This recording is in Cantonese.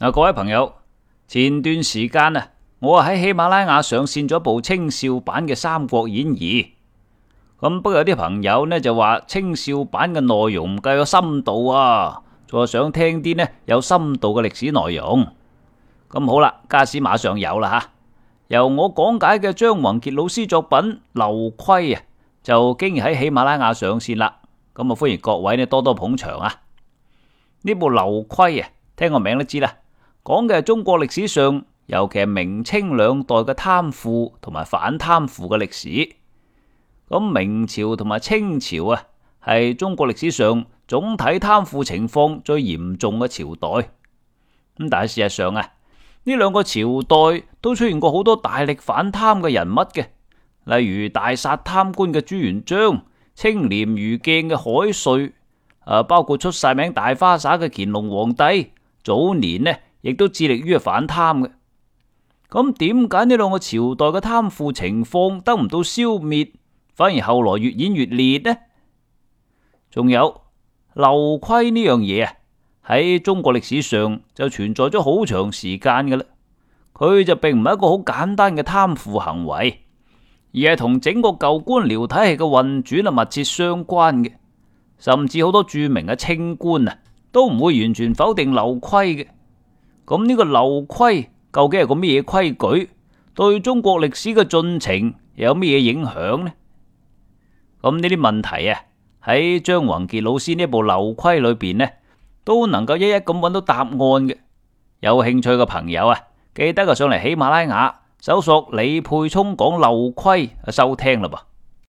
嗱，各位朋友，前段時間啊，我喺喜馬拉雅上線咗部青少版嘅《三國演義》。咁不過有啲朋友呢就話青少版嘅內容唔夠有深度啊，仲話想聽啲呢有深度嘅歷史內容。咁好啦，家史馬上有啦吓，由我講解嘅張宏傑老師作品《陋規》啊，就竟然喺喜馬拉雅上線啦。咁啊，歡迎各位呢多多捧場啊！呢部《陋規》啊，聽個名都知啦。講嘅係中國歷史上，尤其係明清兩代嘅貪腐同埋反貪腐嘅歷史。咁明朝同埋清朝啊，係中國歷史上總體貪腐情況最嚴重嘅朝代。咁但係事實上啊，呢兩個朝代都出現過好多大力反貪嘅人物嘅，例如大殺貪官嘅朱元璋、清廉如鏡嘅海瑞，誒，包括出晒名大花灑嘅乾隆皇帝早年呢。亦都致力於反貪嘅。咁，點解呢兩個朝代嘅貪腐情況得唔到消滅，反而後來越演越烈呢？仲有陋規呢樣嘢啊，喺中國歷史上就存在咗好長時間嘅啦。佢就並唔係一個好簡單嘅貪腐行為，而係同整個舊官僚體系嘅運轉啊密切相關嘅。甚至好多著名嘅清官啊，都唔會完全否定陋規嘅。咁呢個陋規究竟係個咩嘢規矩？對中國歷史嘅進程又有咩嘢影響呢？咁呢啲問題啊，喺張宏傑老師呢部《陋規》裏邊呢，都能夠一一咁揾到答案嘅。有興趣嘅朋友啊，記得上嚟喜馬拉雅搜索李沛聰講《陋規》去收聽啦噃。